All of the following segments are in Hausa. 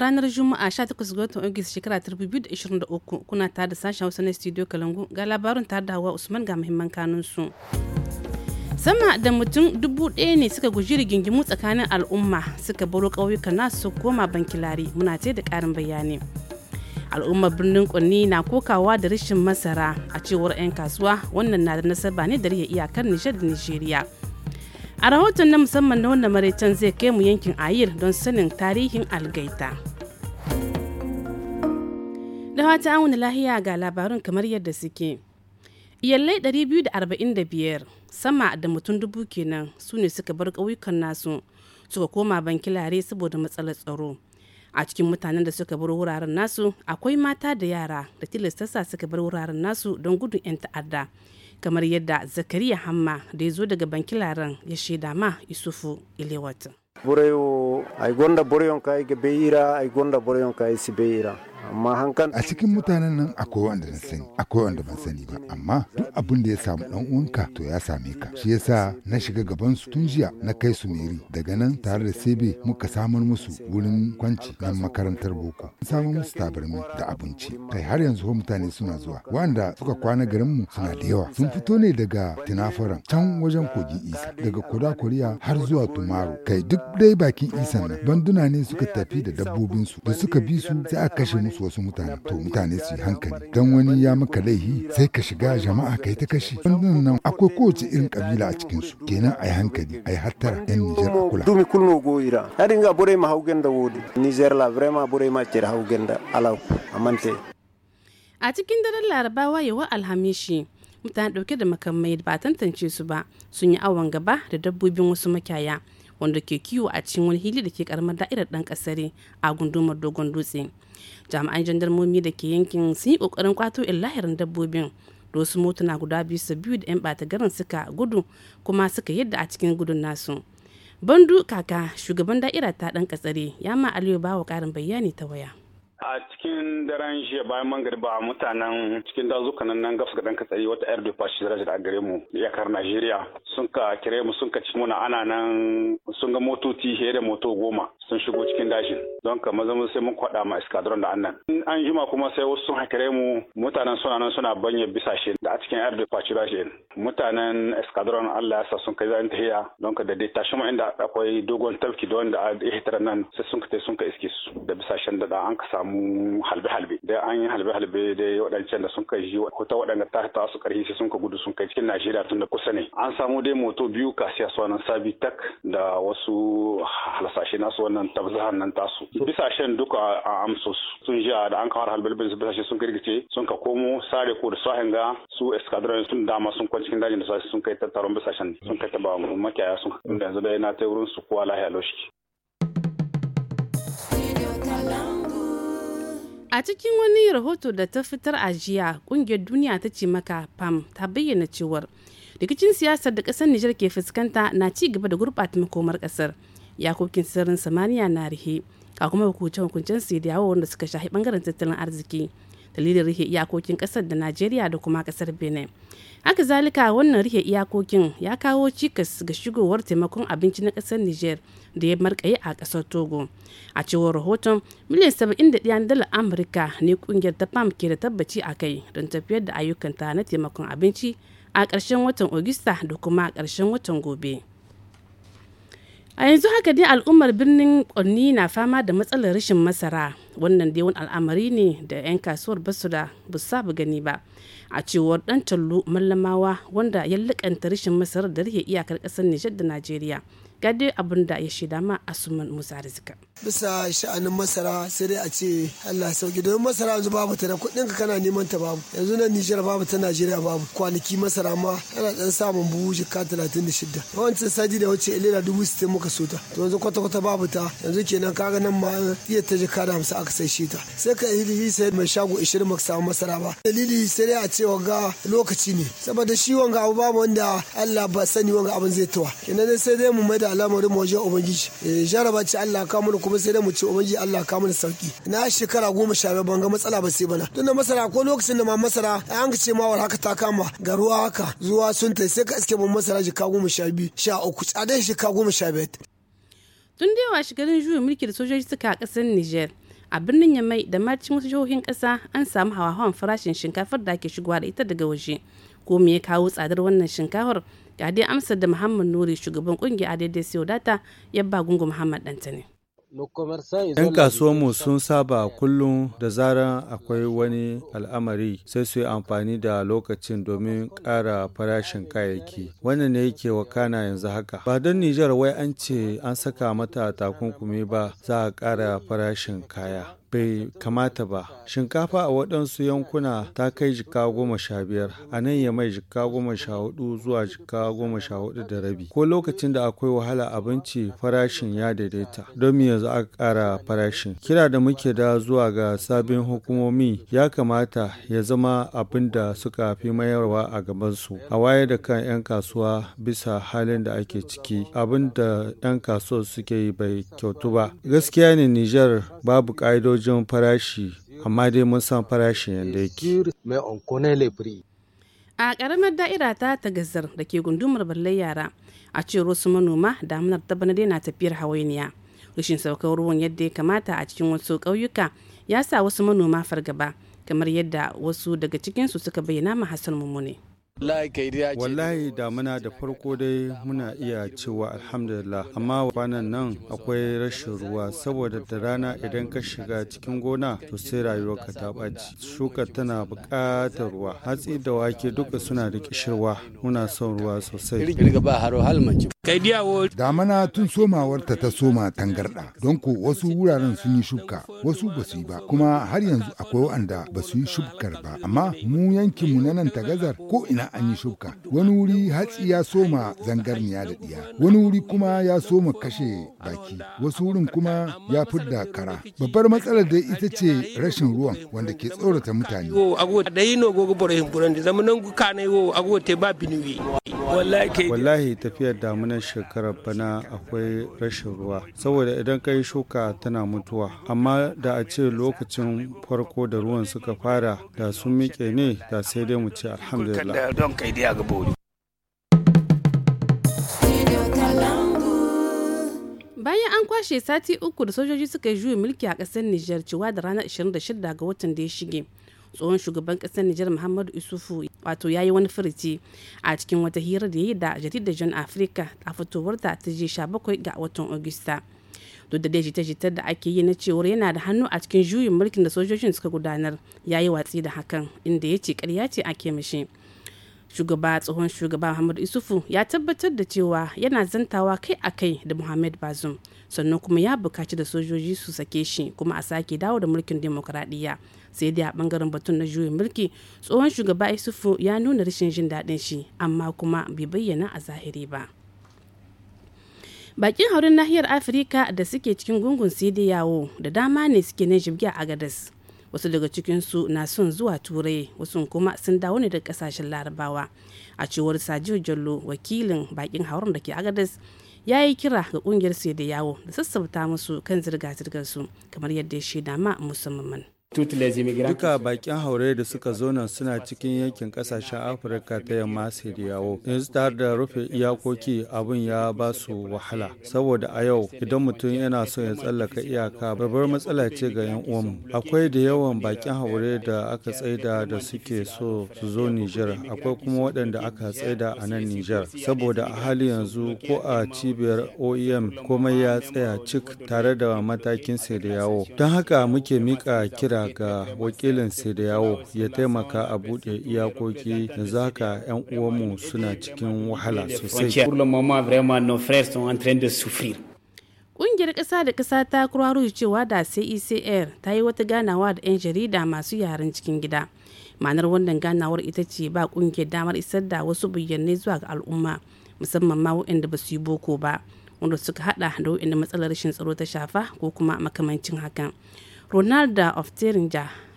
ranar Juma'a 18 ga watan Ogis shekara 2023 kuna tare da sashen Hausa na Studio Kalangu ga labarin tare da Hawa Usman ga muhimman kanun su. Sama da mutum dubu ɗaya ne suka guji rigingimu tsakanin al'umma suka baro ƙauyuka nasu koma bankilari muna ce da ƙarin bayani. al'ummar birnin kunni na kokawa da rashin masara a cewar 'yan kasuwa wannan na da nasaba ne da rage iyakar nijar da nijeriya a rahoton na musamman na wannan maraicen zai kai mu yankin ayir don sanin tarihin algaita da wata auna lahiya ga labarun kamar yadda suke iyalai 245 sama da mutum dubu kenan su ne suka bar ƙauyukan nasu suka koma bankilare saboda matsalar tsaro a cikin mutanen da suka bar wuraren nasu akwai mata da yara da tilastasa suka bar wuraren nasu don gudun 'yan ta'adda kamar yadda zakariya hamma da ya zo daga bankilaren ya shaida ma isufu ilewat boreyo ay gonda boreyon kay ge beira ay gonda ka yi si beira amma hankan a cikin mutanen nan akwai wanda na sani akwai wanda ban sani ba amma duk abin da ya samu dan uwanka to ya same ka shi yasa na shiga gaban su tun jiya na kai su meri daga nan tare da sebe muka samar musu wurin kwanci nan makarantar boko samar musu tabarmi da abinci kai har yanzu mutane suna zuwa wanda suka kwana garin mu suna da yawa sun fito ne daga tinafaran can wajen kogin isa daga koda koriya har zuwa tumaro kai duk dai bakin isan nan banduna ne suka tafi da dabbobin su. da suka bi su sai a kashe musu wasu mutane to mutane su yi hankali dan wani ya maka laihi sai ka shiga jama'a kai ta kashi wannan nan akwai kowace irin kabila a cikin su kenan ai hankali ai hattara yan Nijar a kula dumi kulno goira hadin ga bore ma haugen da wodi Niger la vraiment bore ma cer haugen da alau amante a cikin daren laraba wayewa alhamishi mutane dauke da makamai ba tantance su ba sun yi awon gaba da dabbobin wasu makiyaya wanda ke kiwo a cikin wani hili da ke karamar da'irar dan kasare a gundumar dogon dutse jami'an jandarmomi da ke yankin sun yi kokarin kwato lahirin dabbobin da wasu motuna guda biyu su biyu da 'yan bata garin suka gudu kuma suka yadda a cikin gudun nasu bandu kaka shugaban da'ira ta dan kasare ya ma aliyu bawa karin bayani ta waya cikin daren jiya bayan a mutanen cikin dazuka nan nan gafsa gadan katsari wata yar da fashi daraja da gare mu iyakar Najeriya sun ka kire mu sun ka ci muna ana nan sun ga motoci fiye da moto goma sun shigo cikin dashin don ka maza mu sai mun kwada ma iskadron da annan in an jima kuma sai wasu sun hakire mu mutanen suna nan suna banye shi da a cikin yar da fashi dashin mutanen iskadron Allah ya sa sun kai zan tahiya don ka da dai tashi mu inda akwai dogon tafki da wanda a hitar nan sai sun ka sun ka iske su da shi da an ka samu halbe-halbe da an yi halbe-halbe da waɗancan da sun kai shi ko ta waɗanda ta ta su karhi sai sun ka gudu sun kai cikin Najeriya tun da kusa ne an samu dai moto biyu kasiya su wannan sabi tak da wasu halasashe nasu wannan tabzahan nan tasu bisashen duka a amso sun ji da an kawar halbe-halbe su bisashe sun girgice sun ka komo sare ko da sahin ga su escadron sun dama sun kwanci cikin dajin da sashi sun kai tattaron bisashen sun kai taba makiyaya sun inda yanzu dai na ta wurin su kowa lahiya loshi. Video Kalangu. A cikin wani rahoto da ta fitar a jiya, kungiyar duniya ta ce maka PAM ta bayyana cewar rikicin siyasar da ƙasar Nijar ke fuskanta na ci gaba da gurɓata makomar ƙasar. Yakokin sirrin samaniya na rihe, ga kuma hukuncen hukuncen su da yawo wanda suka shahi bangaren tattalin arziki. dalilin rike iyakokin kasar da najeriya da kuma kasar benin haka zalika wannan rike iyakokin ya kawo cikas ga shigowar taimakon abinci na kasar niger da ya markaye a kasar togo a cewar rahoton miliyan 71 dalar amurka ne kungiyar ta pam ke da tabbaci a kai don tafiyar da ayyukanta na taimakon abinci a ƙarshen watan Ogista da kuma ƙarshen watan gobe. a yanzu haka dai al'ummar birnin ƙonni na fama da matsalar rashin masara wannan dai wani al'amari ne da 'yan kasuwar basu da busa ba gani ba a cewar dan tallo mallamawa wanda ya lakanta rashin masarar da rike iyakar ƙasar nijar da najeriya ga abin da ya shida ma asuman musa rizika bisa sha'anin masara sai dai a ce allah sauki domin masara yanzu babu ta da kudin ka kana neman ta babu yanzu nan nijar babu ta najeriya babu kwanaki masara ma ana dan samun buhu jika talatin da shida yawancin sadi da wace ilera dubu sittin muka so ta to yanzu kwata kwata babu ta yanzu kenan kaga nan ma iya ta jika da hamsin aka sai shi ta sai ka yi sai mai shago ishirin maka samu masara ba dalili sai dai a ce ga lokaci ne saboda shi wanga abu babu wanda allah ba sani wanga abin zai tawa kenan sai dai mu da. al'amarin mu wajen ubangiji eh, jaraba ce Allah ka mana kuma sai da mu ce ubangiji Allah ka mana sauki na shekara goma sha biyar ban ga matsala ba sai bana tunda masara ko lokacin da ma masara an ce ma war haka ta kama ga ruwa haka zuwa sun tai sai ka iske mun masara jika goma sha biyu sha uku tsadar jika goma sha biyar. tun da yawa shigarin juyin mulki da sojoji suka a ƙasar nijar a birnin yamai da marcin wasu jihohin ƙasa an samu hawa-hawan farashin shinkafar da ake shigowa da ita daga waje ko me ya kawo tsadar wannan shinkafar ga dai amsar da muhammad nuri shugaban kungiyar daidai siyo data yabba gungu muhammad dantane 'Yan mu sun saba kullum da zarar akwai wani al'amari sai su yi amfani da lokacin domin ƙara farashin kayayyaki. Wannan ne yake wakana yanzu haka. Ba don Nijar wai an ce an saka mata takunkumi ba za a ƙara farashin kaya. bai kamata ba. Shinkafa a waɗansu yankuna ta kai jika goma sha biyar, a nan ya mai jika goma sha hudu zuwa jika goma sha hudu da rabi. Ko lokacin da akwai wahala abinci farashin ya daidaita, don me yanzu aka ƙara farashin. Kira da muke da zuwa ga sabbin hukumomi ya kamata ya zama abin da suka fi mayarwa a gabansu. A wayar da kan 'yan kasuwa bisa halin da ake ciki, abin da 'yan kasuwa suke yi bai kyautu ba. Gaskiya ne Nijar babu ƙa'idoji jin farashi amma dai mun san farashin yadda yake. A ƙaramar da'ira ta gazar da ke gundumar ballai yara a cewar wasu manoma damunar ta bana na tafiyar hawainiya. Rashin saukar ruwan yadda ya kamata a cikin wasu ƙauyuka ya sa wasu manoma fargaba kamar yadda wasu daga cikinsu suka bayyana ma Hassan Mumune. wallahi damuna da farko dai muna iya cewa alhamdulillah amma kwanan nan akwai rashin ruwa saboda da rana idan ka shiga cikin gona to sai ka ta ɓaci shuka tana buƙatar ruwa hatsi da wake duka suna da kishirwa muna son ruwa sosai damana tun somawarta ta soma tangarɗa don ko wasu wuraren sun yi shuka wasu ba su yi ba kuma har yanzu akwai waɗanda ba su yi shukar ba amma mu yankinmu na nan gazar, ko ina an yi shuka wani wuri hatsi ya soma zangarniya da ɗiya wani wuri kuma ya soma kashe baki wasu wurin kuma ya fidda kara babbar matsalar da ita ce rashin ruwan wanda ke tsorata mutane wallahi tafiyar damunan shekarar bana akwai rashin ruwa saboda idan ka yi shuka tana mutuwa amma da a ce lokacin farko da ruwan suka fara da sun miƙe ne da sai dai mu ce alhamdulillah don kai dai ga bori bayan an kwashe sati uku da sojoji suka yi juyin mulki a ƙasar Nijar cewa da ranar 26 ga watan da ya shige tsohon shugaban ƙasar Nijar Muhammadu Isufu wato ya yi wani furici a cikin wata hira da ya yi da jaridar John Africa a fitowarta ta je 17 ga watan Agusta. Duk da dai jita-jitar da ake yi na cewar yana da hannu a cikin juyin mulkin da sojojin suka gudanar ya yi watsi da hakan inda ya ce karya ce a mishi. shugaba tsohon shugaba Muhammad Isufu ya tabbatar da cewa yana zantawa kai a kai da Muhammad Bazum sannan kuma ya bukaci da sojoji su sake shi kuma a sake dawo da mulkin demokradiyya sai dai a bangaren batun na juyin mulki tsohon shugaba Isufu ya nuna rashin jin daɗin shi amma kuma bai bayyana a zahiri ba. Bakin haurin nahiyar Afirka da suke cikin gungun yawo da dama ne suke na jibgi a Agadas. wasu daga cikinsu na son zuwa turai wasu kuma sun dawo ne daga kasashen larabawa a cewar sajiyo jallo wakilin bakin hauren da ke agadas ya yi kira ga kungiyar su da yawo da sassauta musu kan zirga zirgarsu kamar yadda ya shaida ma musamman Duka bakin haure da suka zo nan suna cikin yankin kasashen Afirka ta yamma Yawo. Yanzu tare da rufe iyakoki abin ya ba su wahala. Saboda a yau idan mutum yana so ya tsallaka iyaka babbar matsala ce ga 'yan uwanmu. Akwai da yawan bakin haure da aka tsaida da suke so su zo Nijar. Akwai kuma waɗanda aka tsaida a nan Nijar. Saboda a hali yanzu ko a cibiyar OEM komai ya tsaya cik tare da matakin Yawo. Don haka muke mika kira kira ga wakilin yawo ya taimaka a buɗe iyakoki da zaka 'yan uwanmu suna cikin wahala sosai. Ƙungiyar ƙasa da ƙasa ta kuraru cewa da CECR ta yi wata ganawa da 'yan jarida masu yaren cikin gida. Ma'anar wannan ganawar ita ce ba ƙungiyar damar isar da wasu bayyanai zuwa ga al'umma musamman ma waɗanda ba su yi boko ba wanda suka haɗa da waɗanda matsalar rashin tsaro ta shafa ko kuma makamancin hakan. ronalda of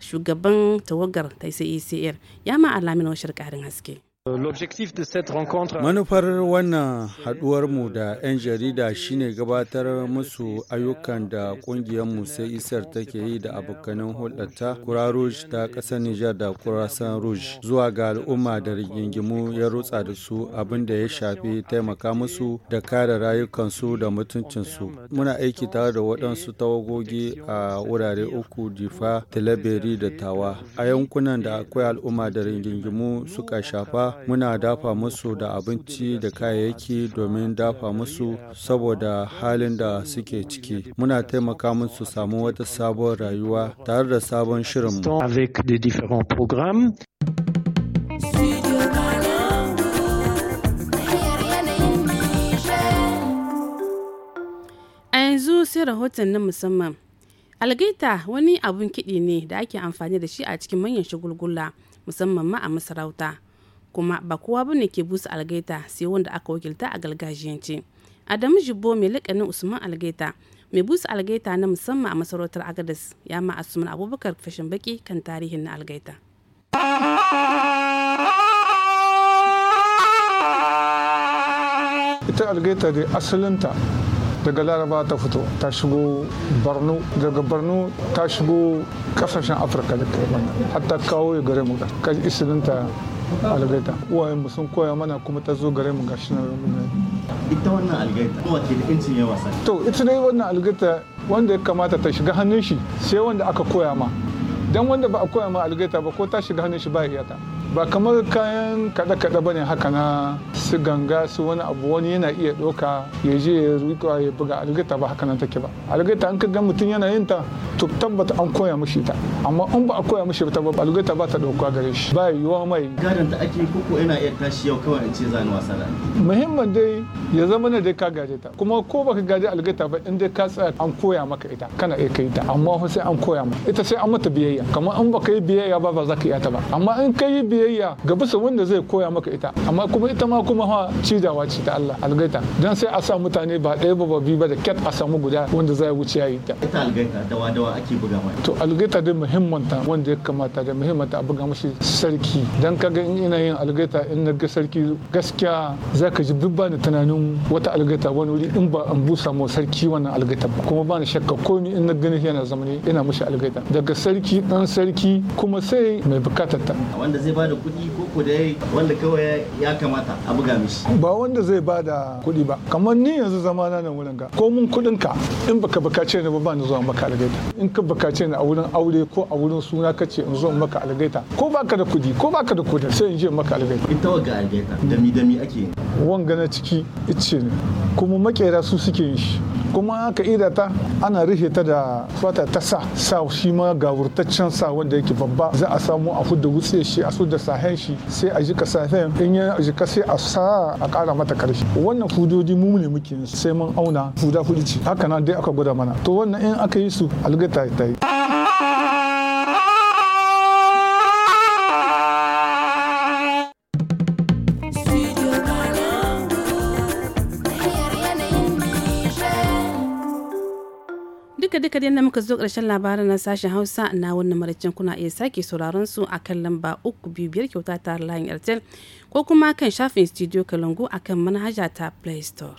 shugaban tawagar ta icr ya ma alamin washar karin haske Manufar wannan haɗuwarmu da 'yan jarida shine gabatar musu ayyukan da ƙungiyar sai isar take yi da abokanin hulɗarta kura rouge ta ƙasar Nijar da kurasan rouge zuwa ga al'umma da rigingimu ya rutsa da su abin da ya shafi taimaka musu da kare rayukansu da mutuncinsu. Muna aiki tare da waɗansu tawagogi a wurare uku difa, da da tawa a yankunan da akwai al'umma da rigingimu suka shafa muna dafa musu da abinci da kayayyaki domin dafa musu saboda halin da suke ciki. Muna taimaka musu samu wata sabon rayuwa tare da sabon shirinmu. A yanzu sai rahoton na musamman. algaita wani abun kiɗi ne da ake amfani da shi a cikin manyan shagulgula musamman ma a masarauta kuma ba kowa ba ne ke busa algaita sai wanda aka wakilta a gargajiyance adamu jibbo mai likanin usman algaita mai busa algaita na musamman a masarautar agadas ya ma asuman abubakar fashin baki kan tarihin na algaita ita algaita da asalinta daga laraba ta fito ta shigo barno daga barno ta shigo kasashen afirka da kai hatta kawo ya gare mu kan isilinta algaita uwayen mu sun koya mana kuma ta zo gare mu gashi nan ita wannan algaita ke da incin yawa sai to ita dai wannan algaita wanda ya kamata ta shiga hannun shi sai wanda aka koya ma dan wanda ba a koya ma algaita ba ko ta shiga hannun shi ba iyata ba kamar kayan kada-kada ba ne haka na su ganga su wani abu wani yana iya ɗauka ya je ya rika ya buga algita ba haka nan take ba algita an ka ga mutum yana yin ta to tabbata an koya mashi ta amma in ba a koya mashi ta ba algita ba ta ɗauka gare shi ba yiwuwa mai gadon da ake koko yana iya tashi yau kawai ce zani wasa da muhimman dai ya zama ne dai ka gaje ta kuma ko baka gaje algaita ba in dai ka tsaya an koya maka ita kana iya kai ta amma fa sai an koya maka ita sai an mata biyayya kamar an baka yi biyayya ba ba za ka iya ta ba amma in ka yi biyayya ga bisa wanda zai koya maka ita amma kuma ita ma kuma ha cijawa ce ta Allah algaita dan sai a sa mutane ba ɗaya ba ba biyu ba da ket a samu guda wanda zai wuce yi ta ita algaita dawa dawa ake buga mai to algaita dai ta wanda ya kamata da muhimmanta a buga mushi sarki dan kaga in ina yin algaita in na ga sarki gaskiya zaka ji dubba ba tunanin wata algata wani wuri in ba an busa ma sarki wannan algata ba kuma ba ni shakka ni in na gani yana zamani ina mushi algata daga sarki dan sarki kuma sai mai bukatar ta wanda zai bada kuɗi ko ko da wanda kawai ya kamata a buga mishi ba wanda zai bada kuɗi ba kamar ni yanzu zamana nan wurin ga ko mun kuɗin ka in baka bukace ni ba ba ni zuwa maka algaita in ka bukace ni a wurin aure ko a wurin suna kace in zo maka algaita ko baka da kuɗi ko baka da kuɗi sai in je maka algaita in tawaga algaita dami dami ake wanga na ciki ice ne kuma makera su suke yi shi kuma aka ida ta ana rufe ta da fata ta sa sa shi ma gawurtaccen sa wanda yake babba za a samu a fudda wutse shi a su da sahen shi sai a jika sahen in ya jika sai a sa a kara mata karshe wannan fudodi mu ne muke sai mun auna fuda fudi ce haka nan dai aka gwada mana to wannan in aka yi su algata ta yi duka da muka zo ƙarshen labarin na sashen hausa na wannan maraicin kuna iya sake sauraron su a kan lamba uku biyu biyar kyauta ta layin airtel ko kuma kan shafin studio kalangu akan manhaja ta play store.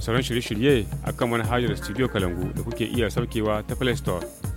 sauran shirye-shirye akan manhajar studio kalangu da kuke iya saukewa ta play store